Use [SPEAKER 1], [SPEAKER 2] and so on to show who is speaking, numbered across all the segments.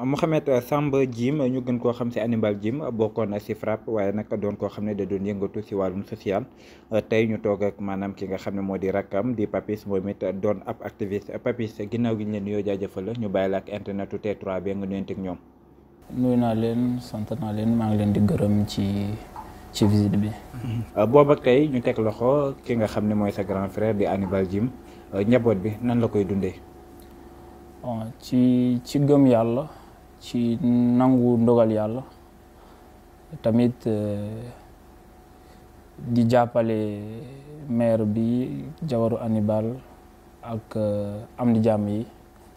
[SPEAKER 1] Mouhamed Samba Djim ñu gën koo xam si Hannibal Djim bokkoon si FRAPP waaye nag doon koo xam ne da doon yëngatu si wàllum social tey ñu toog ak maanaam ki nga xam ne moo di rakkam di Papis moom it doon ab activiste Papis ginnaaw gi ñu leen nuyoo jaajëfal ñu bàyyi la ak internetu T3 bi nga nuyonteeg
[SPEAKER 2] naa leen sant naa leen maa ngi leen di gërëm ci ci visite bi.
[SPEAKER 1] Euh, booba tey ñu teg loxo ki nga xam ne mooy sa grand frère di Hannibal Djim euh, njaboot bi nan la koy dundee. ci nangu ndogal yàlla
[SPEAKER 2] tamit euh, di jàppale maire bi jawaru Hannibal ak euh, am di jàmm yi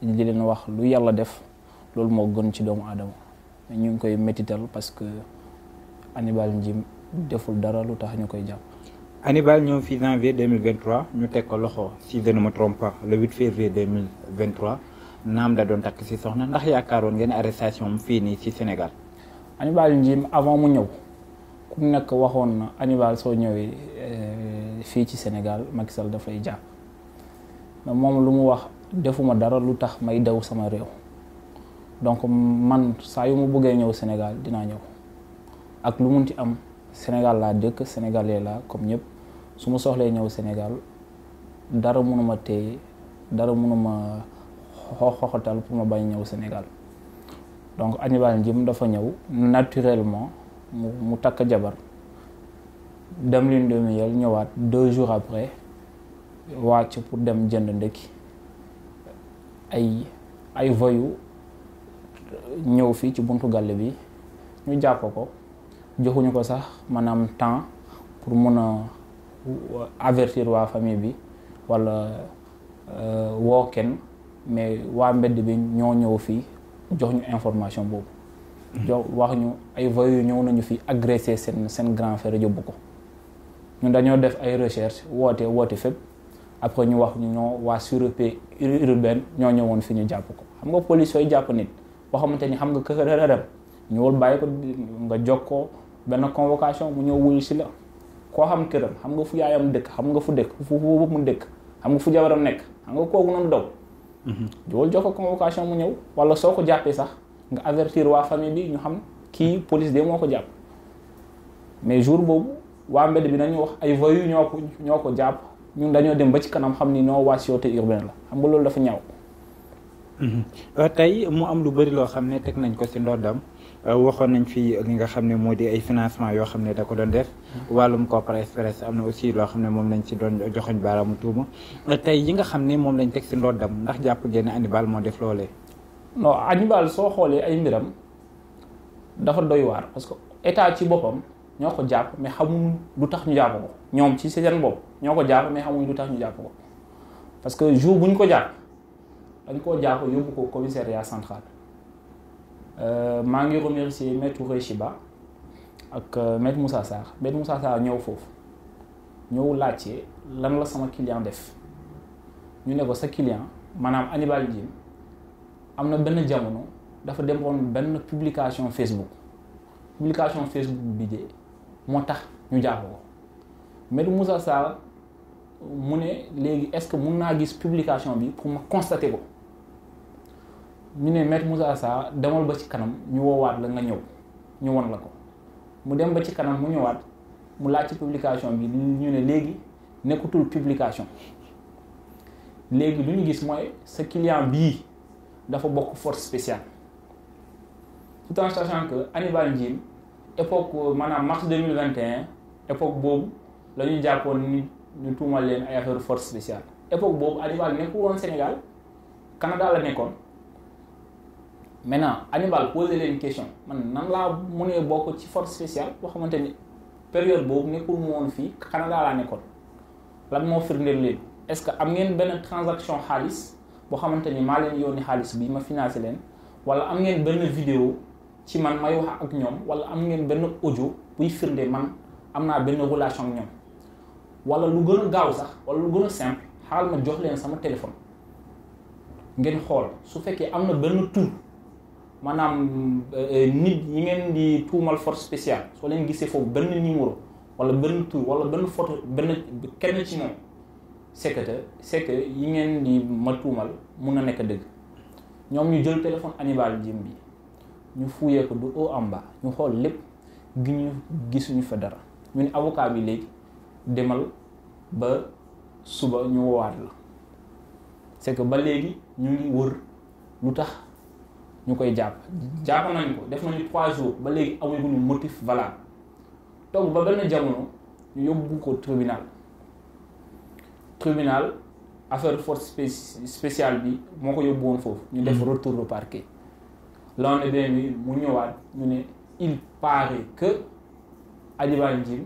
[SPEAKER 2] di leen wax lu yàlla def loolu moo gën ci doomu aadama ñu ngi koy métital parce que Hannibal njiim deful dara lu tax ñu koy jàpp.
[SPEAKER 1] Hannibal ñëw fi janvier 2023 ñu teg ko loxo si je ne me trompe pas le 8 février naam la doon takk si soxna ndax yaakaaroon ngeen arrestation fii nii ci Sénégal. Hannibal Djim
[SPEAKER 2] avant mu ñëw ku nekk waxoon na Hannibal soo ñëwee eh, fii ci Sénégal Macky Sall daf lay moom lu mu wax defuma dara lu tax may dew sama réew donc man saa yu mu buggee ñëw Sénégal dinaa ñëw ak lu mun ci am Sénégal laa dëkk sénégalais laa comme ñépp su ma soxlee ñëw Sénégal dara mënuma téye dara mënuma xoxotal pour ma bañ ñëw Sénégal donc Hannibal Djim dafa ñëw naturellement mu mu takk jabar dem lune de ñëwaat deux jour après wàcc pour dem jënd ndekki ay ay voyu ñëw fii ci buntu gàll bi ñu jàpp ko joxuñu ko sax maanaam temps pour mun a avertir waa famille bi wala euh, woo kenn mais waa mbedd bi ñoo ñëw fii jox ñu information boobu. Hmm. jox wax ñu ay voyous ñëw nañu fii agressé seen seen grand frère yóbbu ko ñun dañoo def ay recherche woote woote fépp après ñu wax ñu ñoo waa sûreté urbaine ñoo ñëwoon fi ñu jàpp ko xam nga police sooy jàpp nit boo xamante ni xam nga kër rërëm ñëwul bàyyi ko nga jokkoo benn convocation mu ñëw wuyu si la koo xam këram xam nga fu yaayam dëkk xam nga fu dëkk fu mu dëkk xam nga fu jabaram nekk xam nga kooku noonu daw. jool mm-hmm. jox ko convocation mu ñëw wala soo ko jàppee sax nga avertir waa famille bi ñu xam kii police de moo ko jàpp mais jour boobu waa mbedd bi nañu wax ay voyous ñoo ko ñoo ko jàpp
[SPEAKER 1] ñu dañoo dem ba ci kanam xam ni non waa sûreté urbaine la xam nga loolu dafa ñaw mm-hmm. euh, tey mu am lu bëri loo xam ne teg nañ ko si ndoddam Euh, waxoon nañ fi li nga xam ne moo di ay financement yoo xam ne da ko doon def wàllum Kopar Express am na aussi loo xam ne moom lañ ci doon joxoñ baaraamu tuuma euh, tey yi nga xam ne moom lañ teg si ndoddam ndax jàpp ngeen ne moo def loolee. non Hannibal soo xoolee ay mbiram dafa doy waar parce que
[SPEAKER 2] état ci boppam ñoo ko jàpp mais xamuñ lu tax ñu jàpp ko ñoom ci seen bopp ñoo ko jàpp mais xamuñ lu tax ñu jàpp ko parce que jour bu ñu ko jàpp dañ koo jàpp yóbbu ko commissariat central. Euh, maa ngi remercier maître Touré Chiba ak euh, maître Moussa Sarr maître Moussa saar ñëw foofu ñëw laajte lan la sama client def ñu ne ko sa client maanaam Hannibal Djim am na benn jamono dafa demoon benn publication Facebook publication Facebook bi de moo tax ñu jàpp ko maître Moussa Sarr mu ne léegi est-ce que mun naa gis publication bi pour ma constater ko. ñu ne maître Moussa Sarr demal ba ci kanam ñu woowaat la nga ñëw ñu won la ko mu dem ba ci kanam mu ñëwaat mu laaj ci publication bi ñu ne léegi nekkutul publication léegi lu ñu gis mooy sa client bii dafa bokk force spéciale tout en sachant que Anibal Njim époque maanaam mars 2021 époque boobu la ñu jàppoon ni ñu tuumal leen ay affaire force spéciale époque boobu Anibal nekkul woon Sénégal Canada la nekkoon maintenant Hannibal posé une question man nan laa mënee bokk ci force spéciale boo xamante ni période boobu nekkul mu woon fii Canada laa nekkoon lan moo firndeel leen est-ce que am ngeen benn transaction xaalis boo xamante ni maa leen yónni xaalis bi ma financé leen wala am ngeen benn vidéo ci man may wax ak ñoom wala am ngeen benn audio buy firnde man am naa benn relation ak ñoom wala lu gën a gaaw sax wala lu gën a simple xaaral ma jox leen sama téléphone ngeen xool su fekkee am na benn tur. maanaam euh, euh, nit yi ngeen di tuumal force spéciale soo leen gisee foofu benn numéro wala benn tur wala benn photo benn kenn ci moom c'est que c'est yi ngeen di ma tuumal mun na nekk dëgg ñoom ñu jël téléphone anibal Djim bi ñu fuyee ko du haut en bas ñu xool lépp gi ñu gisuñu fa dara ñu ne avocat bi léegi demal ba suba ñu woowaat la c'est ba léegi ñu ngi wër lu tax ñu koy jàpp jàpp nañ ko def nañu trois jours ba léegi amuñu motif valable donc ba benn jamono ñu yóbbu ko tribunal tribunal affaire force spéciale bi moo ko yóbbu woon foofu ñu def mm-hmm. retour au parquet lendemain bi mu ñëwaat ñu ne il paraît que Hannibal Djim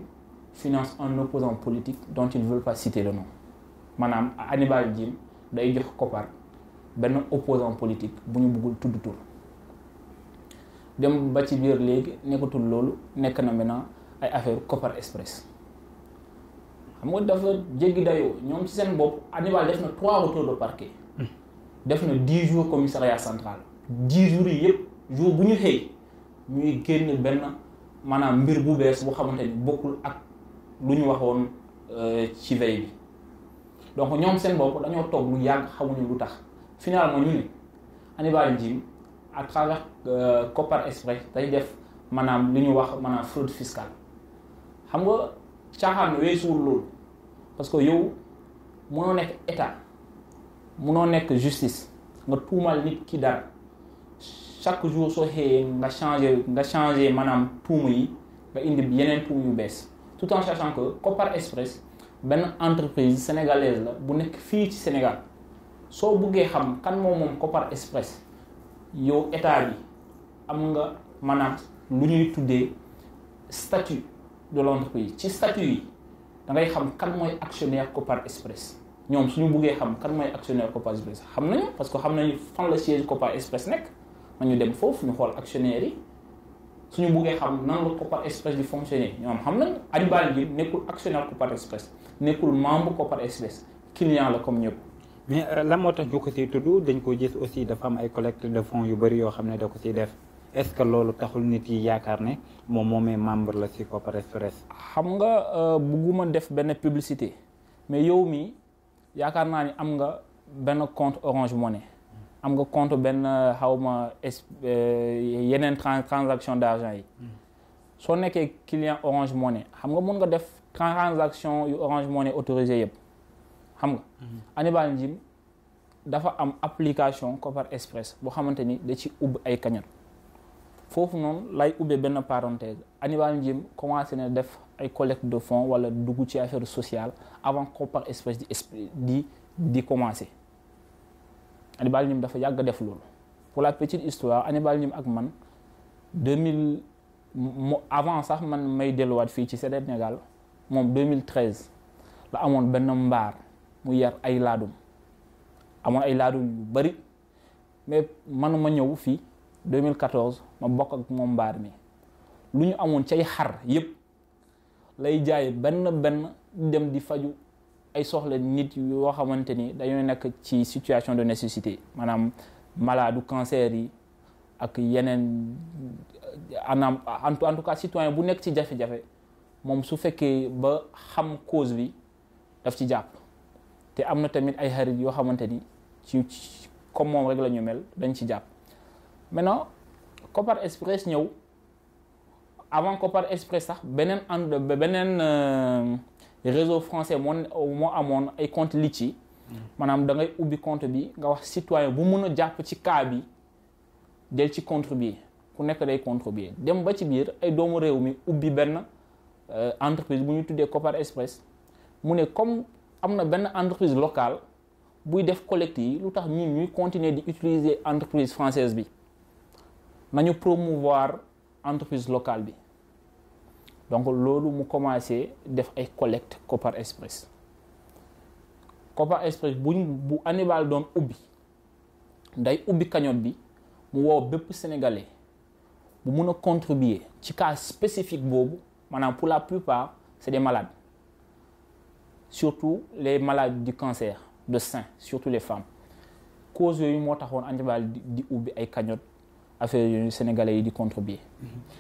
[SPEAKER 2] finance un opposant politique dont ils ne veulent pas citer le nom maanaam Hannibal Djim day jox koppar benn opposant politique bu ñu bëggul tudd tur dem ba ci biir léegi nekkatul loolu nekk na ay affaire Copper Express xam nga dafa jéggi dayo ñoom ci trois retours de parquet hmm. def na dix jours commissariat central dix jours yi yëpp jour bu ñu xëy ñuy génn bu ak donc à travers Kopar Express day def manam li wax manam fraude fiscale xam nga chaan weesuwul lool parce que yow mënoo nek état mënoo nek justice nga tuumal nit ki dara chaque jour so hé nga changer nga changer manam tuuma yi ba indi yenen tuuma yu bess tout en sachant que Kopar Express ben entreprise sénégalaise la bu nekk fi ci Sénégal so buggee xam kan moom mom Kopar Express yow état bi am nga maanaam lu ñuy tuddee statut de l'entreprise ci statut yi da ngay xam kan mooy actionnaire Copar Express ñoom suñu buggee xam kan mooy actionnaire Copar Express xam nañu parce que xam nañu fan la siège Copar Express nekk nañu dem foofu ñu xool actionnaire yi suñu buggee xam nan la Copar Express di fonctionner ñoom xam nañu Adibal gi nekkul actionnaire Copar Express nekkul membre Copar Express client la comme ñëpp
[SPEAKER 1] mais euh, la moo tax ñu ko siy tudd dañ ko gis aussi dafa am ay collecte de fonds yu bari yoo xam ne da ko siy def est-ce que loolu taxul nit yi yaakaar ne moom moomee membre la si Kopar Express xam nga euh, bugguma def benn publicité mais
[SPEAKER 2] yow mi yaakaar naa ni am nga benn compte Orange Money am nga compte benn euh, xawma yeneen transaction d'argent yi soo nekkee client Orange Money xam nga mun nga def transaction yu Orange Money autorisé yëpp xam nga. Hannibal Njim dafa am application copar Express boo xamante ni da ci ubb ay cagnotte foofu noonu lay ubbee benn parenthèse Hannibal Njim commencé na def ay collecte de fonds wala dugg ci affaire sociale avant copar Express di di di commencé Hannibal Njim dafa yàgg def loolu pour la petite histoire Anibal Njim ak man 2000 mo avant sax man may delluwaat fii ci Sénégal moom 2013 la amoon benn mbaar. mu yar ay laadum amoon ay laadum yu bari mais ma ñëw fii 2014 ma bokk ak moom mbaar mi lu ñu amoon cay xar yépp lay jaay benn benn dem di faju ay soxla nit yoo xamante ni dañoo nekk ci situation de nécessité maanaam malaadu cancer yi ak yeneen anam en tout cas citoyen bu nekk ci jafe-jafe moom su fekkee ba xam cause bi daf ci jàpp et je tamit ay xarit yo xamanteni ci comme rek maintenant copar Express ñew avant copar Express sax and euh, réseau français moo moo amoon ay compte Litchi manam mm-hmm. da ngay ubi compte bi nga wax citoyen bu cas bi del ci contribuer ku nek day dem ba ci bir ay doomu mi euh, entreprise bu Express mu comme amna ben une entreprise locale buy def collecte yi et ñun ñuy continuer di entreprise française bi nañu promouvoir entreprise locale bi donc nous mu commencé def ay collecte Copper Express Copper Express buñ bu Hannibal doon ubi. day ubi cagnotte bi mu wo bepp sénégalais bu mëna contribuer ci cas spécifique bobu pour la plupart c'est des malades surtout les malades du cancer de sein surtout les femmes cause yooyu moo taxoon Antival di ubbi ay cagnotte affaire yooyu sénégalais yi di contribuer.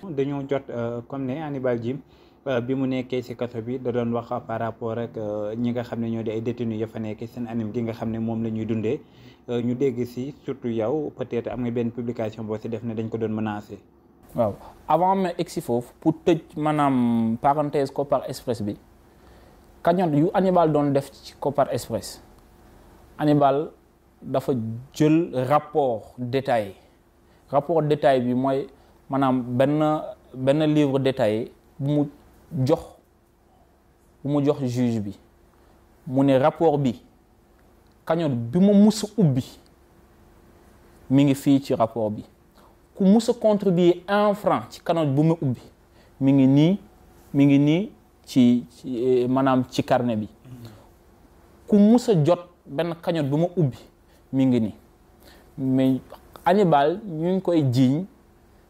[SPEAKER 1] Mhm. dañoo jot euh, comme né Hannibal Djim euh, bi mu nekkee ci kaso bi da doon wax par rapport ak euh, ñi nga xam ñoo di ay détenus ya fa nekkee seen anim gi nga xamné mom lañuy dundé ñu dégg ci surtout yow peut-être am nga benn publication bo ci def né dañ ko doon menacer. waaw avant mais egg ci pour tëj
[SPEAKER 2] manam parenthèse ko par express bi cagnotte yu Hannibal doon def ci Kopar Express Hannibal dafa jël rapport détaillé rapport détaillé bi mooy maanaam benn benn livre détaillé bu mu jox bu mu jox juge bi mu ne rapport bi cagnotte bi ma mus a ubbi mi ngi fii ci rapport bi ku musu a contribuer un franc ci cagnotte bu ma ubbi mi ngi nii mi ngi nii ci eh, maanaam ci karne bi ku mus jot benn cagnotte bu ma ubbi mi ngi nii mais Hannibal ñu ngi koy jiiñ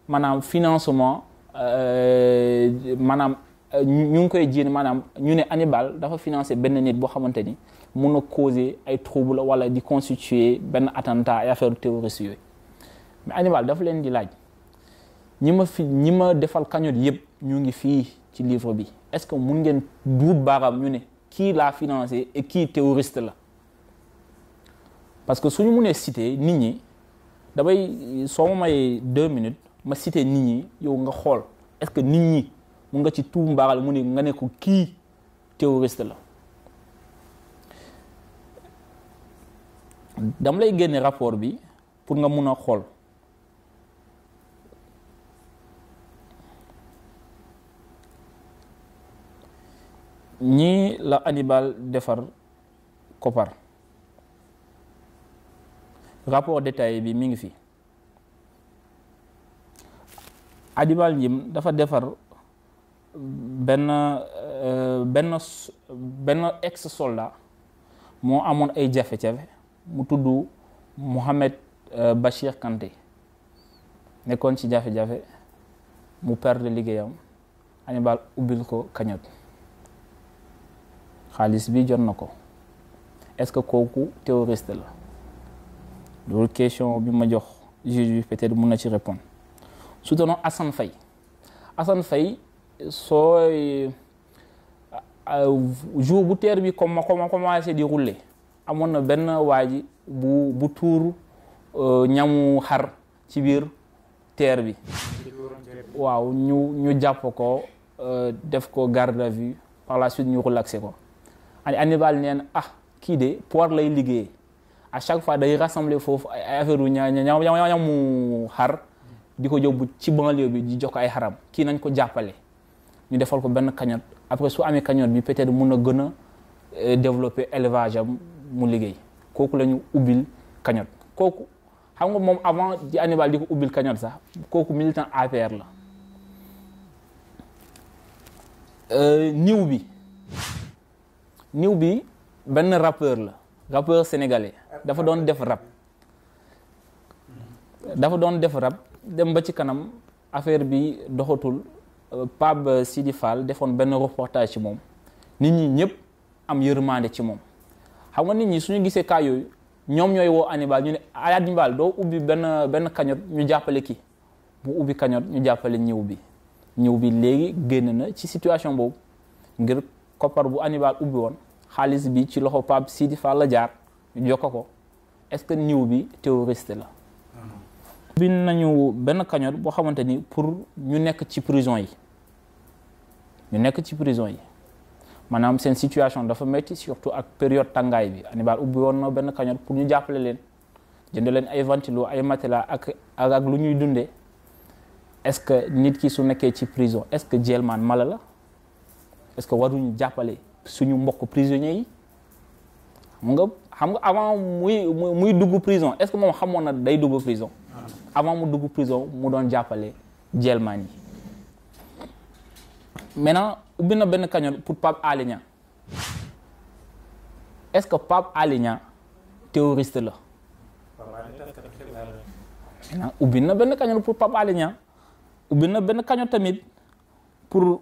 [SPEAKER 2] maanaam financement euh, maanaam euh, ñu ngi koy jiiñ maanaam ñu ne Hannibal dafa financé benn nit boo xamante ni mun a causer ay trouble wala di constituer benn attentat ay affaire terroriste yooyu mais Hannibal dafa leen di laaj ñi ma fi ñi ma defal cagnotte yëpp ñu ngi fii ci livre bi est-ce que mun ngeen duub baaraam ñu ne kii laa financé et qui terroriste la parce que suñu munee citer nit ñi damay soo ma mayee deux minutes ma citer nit ñi yow nga xool est-ce que nit ñi mun nga ci tuub mbaaral mu ne nga ne ko terroriste la dam lay génne rapport bi pour nga mun a ñii la Hannibal defar koppar rapport détaillé bii mi ngi fi Hannibal Njim dafa defar benn euh, benn benn ex soldat moo amoon ay jafe-jafe mu tudd Mohamed euh, Bachir Kanté nekkoon ci jafe-jafe mu perdre liggéeyam Hannibal ubbil ko kañot xaalis bi jot na ko est-ce que kooku terroriste la loolu question bi ma jox juge bi peut-être mun na ci répondre su doonoon Assane fay Assane fay sooy euh, jour bu teer bi comme comme commencé di rouler amoon na benn waa bu bu tuur euh, ñamu xar ci biir teer bi waaw ñu ñu jàpp ko euh, def ko garde à vue par la suite ñu relaxé ko Ali Hannibal ah qui de pour lay liguer à chaque fois day rassembler fofu ay affaire yu ñam ñam mu har diko yóbbu ci banlieue bi di jox ay haram ki ko ñu ko après su bi peut-être euh, développer élevage mu koku lañu xam nga avant di Hannibal diko ça sax militant APR la euh, bi niw bi benn rappeur la rappeur sénégalais dafa doon def rap dafa doon def dem ba ci kanam affaire bi doxatul euh, Pape Sidi Fall defoon benn reportage ci moom nit ñi ñëpp am yërmande ci moom xam nga nit ñi suñu gisee cas yooyu ñoom ñooy woo Hannibal ñu ne ah, Hannibal doo ubbi benn benn cagnotte ñu jàppale ki mu ubbi kañot ñu jàppale ñëw bi ñëw bi léegi génn na ci situation boobu ngir koppar bu Hannibal ubbi woon xaalis bi ci loxo Pape Sidi Fall la jaar jokko ko est-ce que ñëw bi terroriste la. bi nañu benn cagnotte boo xamante ni pour ñu nekk ci prison yi ñu nekk ci prison yi maanaam seen situation dafa metti surtout ak période tàngaay bi Hannibal ubbi woon na benn cagnotte pour ñu jàppale leen jënd leen ay ventilo ay matelas ak ak lu ñuy dundee est-ce que nit ki su nekkee ci prison est-ce que jéelmaan mala la est que waruñu jàppale. suñu mbokk prisonnier yi xam nga xam nga avant muy muy dugg prison est-ce que moom xamoon na day dugg prison avant mu dugg prison mu doon jàppale jelmaan yi maintenant ubbi na benn cagnotte pour Pape Alé est-ce que Pape Alé terroriste la maintenant ubbi na benn cagnotte pour Pape Alé Niang ubbi na benn cagnotte tamit pour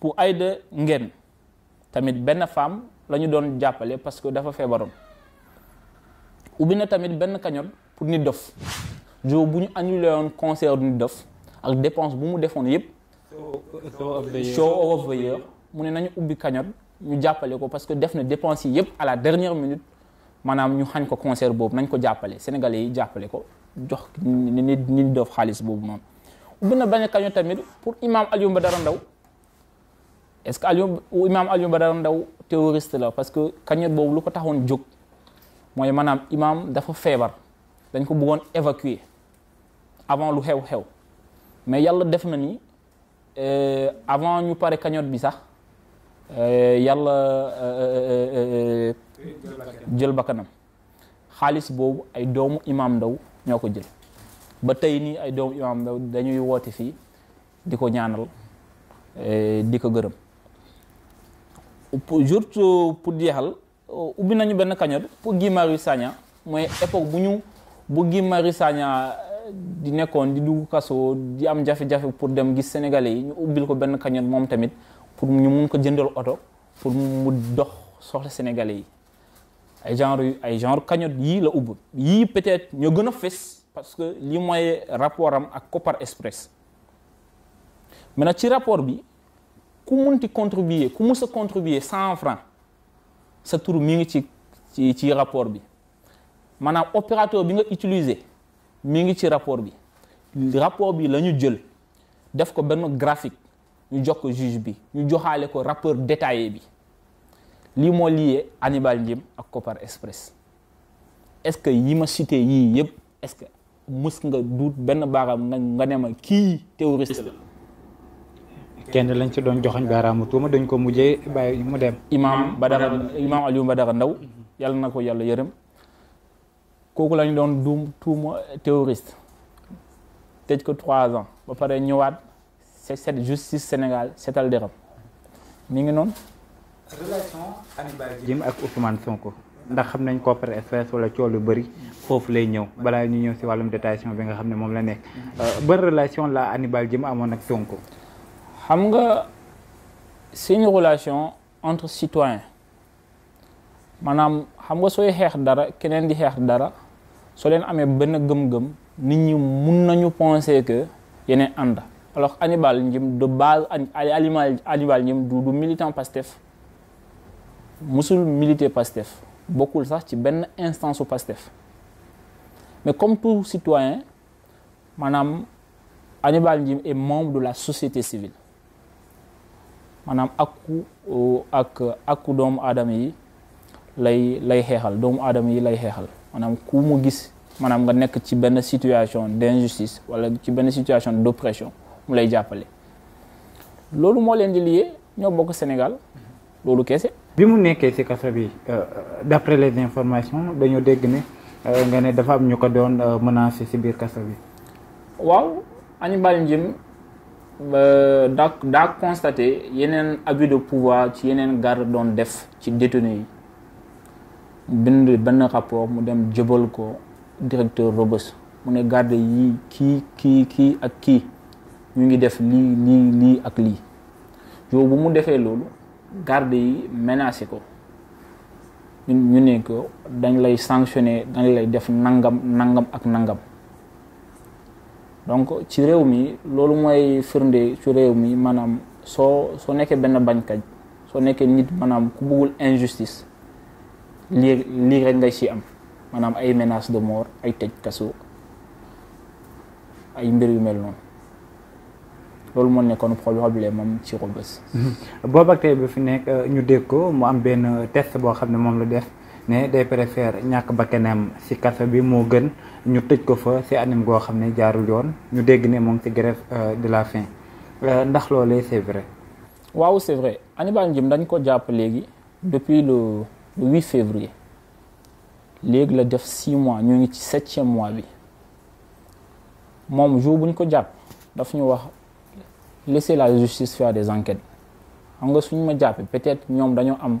[SPEAKER 2] pour Aide, Nguène tamit ben femme lañu doon jappalé parce que dafa fébaron tamit ben pour Nit Dof jo buñu ñu un concert Nit Dof ak dépense bu mu show of the year nañu ubi ñu parce que def na dépense à la dernière minute manam ñu xagn ko concert les nañ sénégalais yi jappalé ko jox pour imam Aliou est-ce que Alioune imaam Alioune ndaw Ndao terroriste la parce que kañot boobu lu ko taxoon jóg mooy maanaam imaam dafa feebar dañ ko buggoon évacuer avant lu xew-xew mais yàlla def na ni euh, avant ñu pare kañot bi sax euh, yàlla euh, jël bakkanam xaalis boobu ay doomu imaam ndaw ñoo ko jël ba tey nii ay doomu imaam ndaw dañuy woote fii di ko ñaanal di ko gërëm juste pour jeexal euh, ubbi nañu benn cagnotte pour Guy Marius Sagna mooy époque bu ñu bu Guy Marius Sagna euh, di nekkoon di dugg kaso di am jafe-jafe pour dem gis sénégalais yi ñu ubbil ko benn cagnotte moom tamit pour ñu mun ko jëndal oto pour mu dox soxla sénégalais ay genre ay genre cagnotte yii la ubb yii peut-être ñoo gën a fes parce que li mooy rapport am ak Copar Express maintenant ci rapport bi Comment tu contribuer Comment mus contribuer 100 francs, sa tur mi ngi ci ci rapport bi maanaam opérateur bi nga utiliser mi ci rapport bi rapport bi la jël def ko benn graphique ñu jox ko juge bi ñu joxaale ko rapport détaillé bi lii moo lié Hannibal Djim ak Copar Express est-ce que yi ma cité est-ce que mus nga duut benn baaraam nga ne ma terroriste
[SPEAKER 1] kenn lañ ci doon joxoñ baaraamu tuuma dañ ko mujjee bàyyi mu dem. imaam Badara imaam ba Badara Ndaw yàlla na ko yàlla yërëm kooku lañ doon duum tuuma terroriste
[SPEAKER 2] tëj ko trois ans ba pare ñëwaat c'est cette justice Sénégal setal deram mi ngi
[SPEAKER 1] noon relation Hannibal Djim ak Ousmane Sonko. ndax xam nañ coopère espèce wala coow lu bëri foofu lay ñëw balaa ñu ñëw si wàllum détention bi nga xam ne moom la nekk mm-hmm. euh, ban relation la Hannibal Djim amoon ak Sonko xam nga c'est une relation entre citoyens
[SPEAKER 2] maanaam xam nga sooy xeex dara keneen di xeex dara soo leen amee benn gëm-gëm nit ñi mun nañu penser que yeneen ànd alors Hannibal Djim du base animal Hannibal Djim du militant Pastef musul militer Pastef bokkul sax ci benn instance Pastef mais comme tout citoyen maanaam Hannibal Djim est membre de la société civile maanaam akku euh, ak akku doomu aadama yi lay lay xeexal doomu aadama yi lay xeexal maanaam ku mu gis maanaam nga nekk ci benn situation d'injustice wala ci benn situation d'oppression mu lay jàppale loolu moo leen di lié ñoo bokk Sénégal
[SPEAKER 1] loolu kese. bi mu nekkee ci kaso bi euh, d'après les informations dañoo dégg ne euh, nga ne dafa am ñu ko doon menacer ci biir kaso bi.
[SPEAKER 2] waaw Hannibal Djim daa daa constaté yeneen abus de pouvoir ci yeneen garde doon def ci détenu yi bind benn rapport mu dem jëbal ko directeur Robes mu ne garde yi kii kii kii ak kii ñu ngi def lii lii lii ak lii yow bu mu defee loolu garde yi menacé ko ñu ne ko dañ lay sanctionné dañ lay def nangam nangam ak nangam donc ci réew mi loolu mooy firnde ci réew mi maanaam soo soo nekkee benn bañkat soo nekkee nit maanaam ku bëggul injustice lii lii rek ngay ci am maanaam ay menace de mort ay tëj kaso
[SPEAKER 1] ay mbir yu mel noonu loolu moo nekkoon problème am ci Rebeuss. Mhm. boobu ak tey bi fi nekk ñu dégg ko mu am benn test boo xam ne moom la def. né day préfère ñak bakenem ci café bi mo gën ñu tejj ko fa ci anim go xamné jaarul yoon ñu dégg ne moom ci grève euh, de la faim euh, ndax lolé c'est vrai.
[SPEAKER 2] waaw c'est vrai Hannibal Djim dañ ko japp légui depuis le 8 février légui la def 6 mois ñu ngi ci 7e mois bi mom jour buñ ko japp daf ñu wax laisser la justice faire des enquêtes xam nga suñu ma jàppee peut-être ñom dañoo am.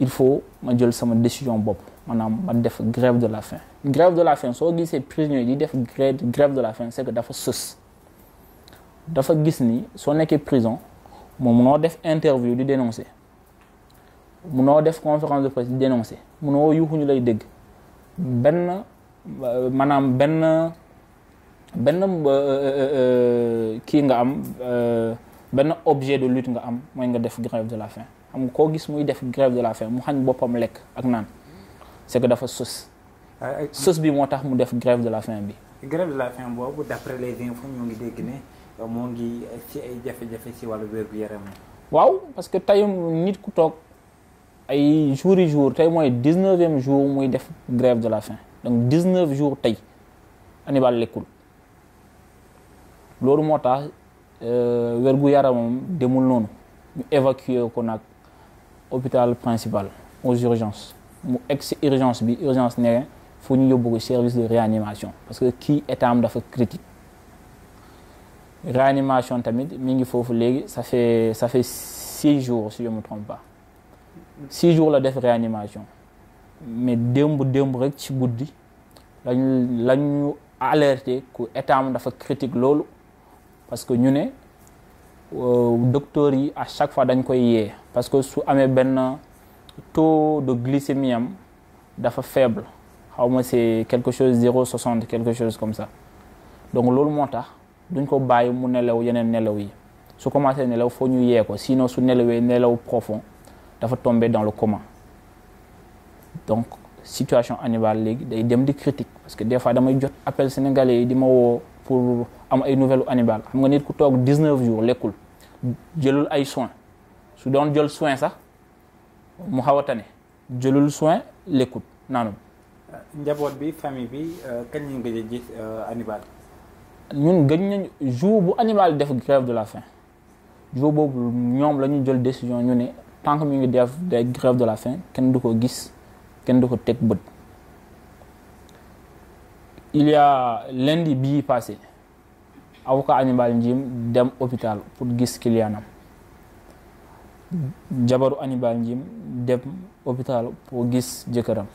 [SPEAKER 2] il faut ma jël sama décision bopp manam ma def grève de la faim grève de la faim soo gisee prisonniers yi di def grève grève de la faim c'est que dafa sës dafa gis ni soo nekkee prison moom munoo def interview di dénoncer munoo def conférence de presse di dénoncer munoo yuuxu ñu lay dégg ben maanaam euh, euh, qui euh, nga am ben objet de lutte nga am moy nga def grève de la faim xam koo gis muy def grève de la faim mu xañ boppam lekk ak naan c'est que dafa sos sos bi moo tax mu def grève de la fin bi
[SPEAKER 1] grève de la faim boobu d'après les infos ñu ngi dégg ne moo ngi ci ay jafe-jafe wàllu wér-gu-yaram waaw parce que tey nit ku toog ay jours jour tey mooy
[SPEAKER 2] dix-neuvième jour muy def grève de la faim donc dix-neuf jours tey Hannibal lekkul loolu moo tax euh, wér-gu-yaramam demul noonu ñu évacuer ko nag hôpital principal aux urgences mu egg urgence bi urgence nous ñu un service de réanimation parce que qui état am dafa critique réanimation tamit mi ngi ça fait ça fait six jours si je ne me trompe pas six jours la def réanimation mais démb démb rek ci guddi lañu lañu alerté ku état am dafa critique parce que nous sommes euh, docteur yi à chaque fois dañ koy yé parce que su amé ben taux de glycémie dafa faible xawma ma c'est quelque chose zéro soixante quelque chose comme ça donc loolu moo duñ ko bàyyi mu nelew yenen nelew yi su commencé nelew foo ñu yee ko sinon su nelewé nelew profond dafa tomber dans le coma donc situation animale léegi day dem di critique parce que des fois damay jot appel sénégalais yi di ma woo pour am ay nouvelles animal xam nga nit ku tok 19 jours lekkul jëlul ay soin su doon jël soin sax mu xaw a tane jëlul soin lekkut naanul
[SPEAKER 1] njaboot bi famille bi euh, kañ ñu gëj a gis euh, animal
[SPEAKER 2] ñun gëj nañ
[SPEAKER 1] jour bu animal def grève de la faim
[SPEAKER 2] jour boobu ñoom la ñu jël décision ñu ne tant que mi ngi def des grève de la faim kenn du ko gis kenn du ko teg bët il y a lundi bii passé avocat Hannibal njiim dem hôpital pour gis client jabaru Hannibal dem hôpital pour gis jëkkëram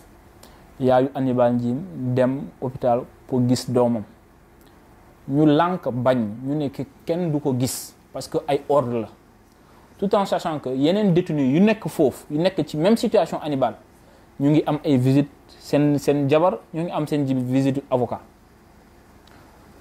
[SPEAKER 2] yaayu Hannibal Djim dem hôpital pour gis doomam ñu lànk bañ ñu nekk kenn du ko gis parce que ay ordre la tout en sachant que yeneen détenu yu nekk foofu yu nekk ci même situation Hannibal ñu ngi am ay visite seen seen jabar ñu ngi am seen visite avocat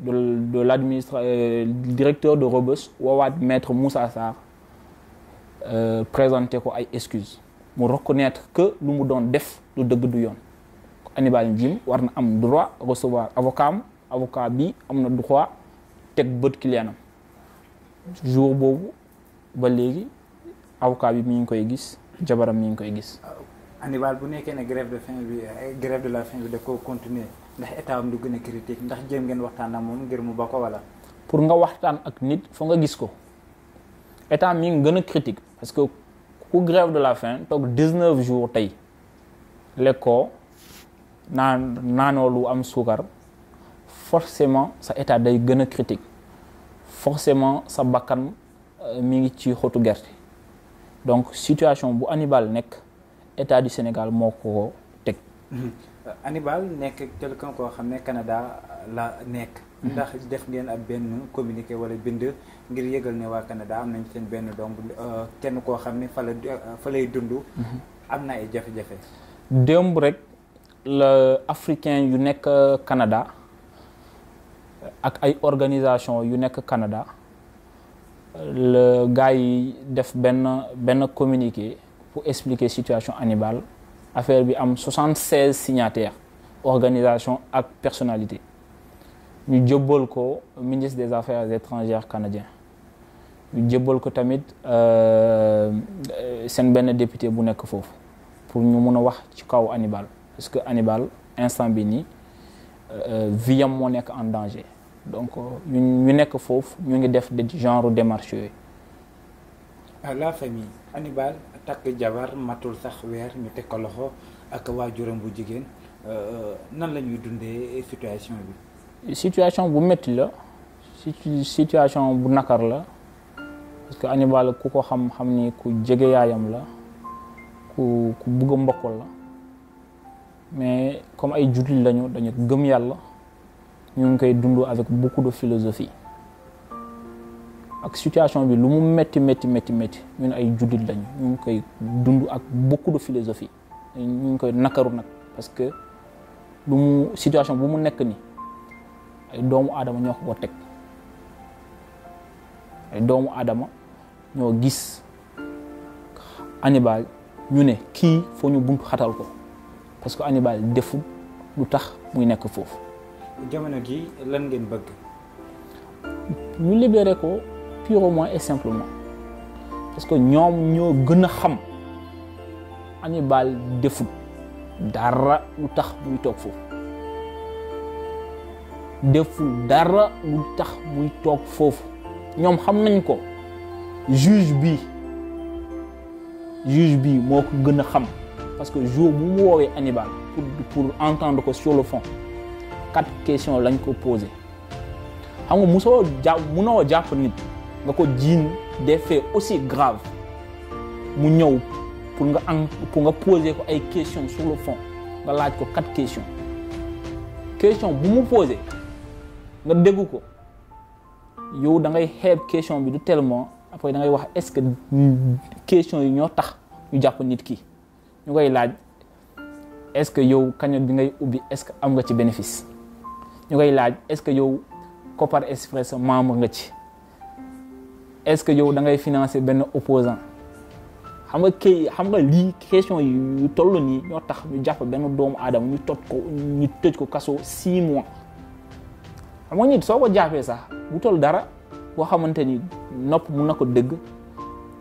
[SPEAKER 2] de, de l'administrateur directeur de Robus, woowaat maître Moussa Sarr euh, présenter ko ay excuses mu reconnaître que nous nous doon def lu dëgg du yoon Hannibal Djim war am droit recevoir avocat avocat bi am droit teg bët client am jour boobu ba léegi avocat bi mi ngi koy gis jabaram mi ngi koy gis.
[SPEAKER 1] Hannibal bu nekkee ne grève de faim bi eh, grève de la fin bi da ko continuer ndax état am critique ndax jéem ngeen waxtaan ak moom ngir mu ba wala.
[SPEAKER 2] pour nga waxtaan ak nit fo nga gis ko état mi gëna critique parce que ku grève de la faim tok 19 jours tay lekkoo nan naanoo lu am sugar forcément sa état day gëna critique forcément sa bakkan euh, mi ngi ci xotu gerte donc situation bu Hannibal nek état du Sénégal moo ko teg. Mhm.
[SPEAKER 1] Hannibal nek quelqu'un ko xamné Canada la nek mhm. ndax def ngeen ab ben communiqué wala bind ngir yegal ne wa Canada am nañ seen benn euh kenn ko xam ne fa la euh, fa lay dund. Mhm. am na ay jafe-jafe.
[SPEAKER 2] démb rek le africain yu nek Canada ak ay organisation yu nek Canada le gars yi def ben ben communiqué pour expliquer situation Hannibal affaire bi am 76 signataires organisation et personnalité ñu djobol ko ministre des affaires étrangères canadien ñu djobol ko tamit euh, sen ben député bu nek pour ñu mëna wax ci kaw Hannibal parce que Hannibal instant bi nii euh, vit mo nek en danger donc ñu nek nekk foofu ñu ngi def genre démarches.
[SPEAKER 1] Ah, la famille Anibal, takk jabar matul sax weer ñu teg ko loxo ak waajuram bu jigéen euh, euh, nan la ñuy dundee situation bi.
[SPEAKER 2] situation bu métti la situation bu nakar la parce que Hannibal ku ko xam xam ni ku jege yaayam la ku ku bugg a mbokk la mais comme ay jullit lañu dañu gëm yàlla ñu ngi koy dund avec beaucoup do philosophie. ak situation bi lu mu metti metti metti métti ñun ay jullit lañ ñu ngi koy dund ak beaucoup de philosophie ñu ngi koy nakaru nag parce que lu mu situation bu mu nekk ni ay doomu aadama ñoo ko ko teg ay doomu aadama ñoo gis Hannibal ñu ne kii foo ñu buntu xatal ko parce que Hannibal defu lu tax muy nekk foofu
[SPEAKER 1] jamono gi lan ngeen bëgg
[SPEAKER 2] ñu libéré ko purement et simplement parce que ñoom ñoo gën a xam Hannibal defut dara lu tax muy tok fofu. deful dara lu tax muy tok fofu. Ñom xam nañ ko juge bi juge bi moko gëna xam parce que jour bu mu woowee Hannibal pour pour entendre ko sur le fond quatre questions lañ ko poser. xam nga musoo jàpp munoo jàpp nit nga ko jiiñ des faits aussi graves mu ñew pour nga pour nga poser ko ay questions sur le fond nga laaj ko quatre questions question bu mu poser nga dégg ko yow da ngay xeeb question bi du tellement après da ngay wax est-ce que question yi ñoo tax ñu jàpp nit ki ñu koy laaj est-ce que yow cagnotte bi ngay ubbi est-ce que am nga ci bénéfice ñu koy laaj est-ce que yow copar Express membre nga ci est-ce que yow da ngay financer ben opposant xam nga kay xam nga li question yu tollu ni ñoo tax ñu japp ben doom adam ñu tot ko ñu tej ko kasso 6 mois xam nga nit soo ko jàppee sax bu toll dara bo xamanteni ni nopp mun na ko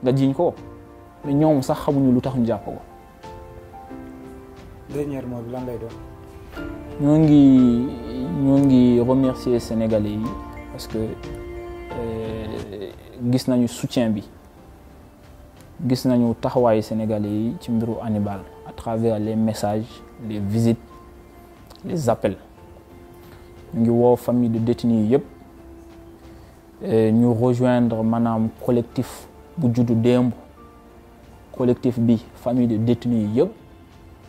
[SPEAKER 2] nga jiñ ko mais ñoom sax xamuñu lu tax ñu japp ko
[SPEAKER 1] dernier mot lan lay do
[SPEAKER 2] ñoo ngi ñoo ngi remercier sénégalais yi parce que gis nañu soutien bi gis nañu taxawaayu sénégalais ci mbiru Hannibal à travers les messages les visites les appels ñu ngi woo famille de détenus yëpp ñu rejoindre maanaam collectif bu juddu démb collectif bi famille de détenus yëpp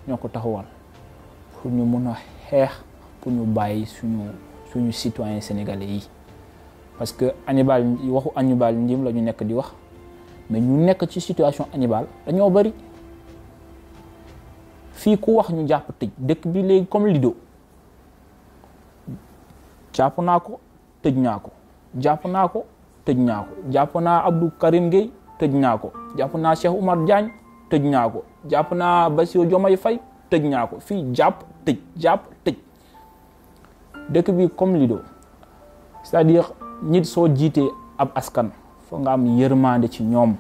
[SPEAKER 2] ñoo ko taxawal pour ñu mun a xeex pour ñu bàyyi suñu suñu citoyen sénégalais yi parce que Hannibal waxu Hannibal Lim la ñu nekk di wax mais ñu nekk ci situation Hannibal dañoo bari fii ku wax ñu jàpp tëj dëkk bi léegi comme Lido jàpp naa ko tëj naa ko jàpp naa ko tëj naa jàpp naa Abdou Karim Gueye tëj naa ko jàpp naa Cheikh Oumar Diagne tëj naa ko jàpp naa Bassirou jomay Faye tëj naa ko fii jàpp tëj jàpp tëj dëkk bi comme Lido cest dire nit soo jiitee ab askan foo nga am yërmande ci ñoom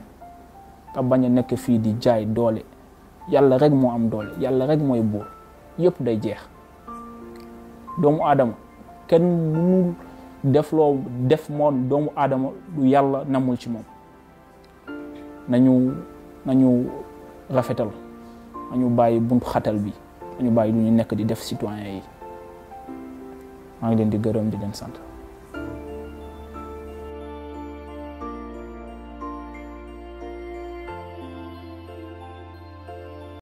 [SPEAKER 2] te bañ a nekk fii di jaay doole yàlla rek moo am doole yàlla rek mooy buur yëpp day jeex doomu aadama kenn def loo def moom doomu aadama du yàlla namul ci moom nañu nañu rafetal nañu bàyyi buntu xatal bi nañu bàyyi lu ñu nekk di def citoyen yi maa ngi leen di gërëm di leen sant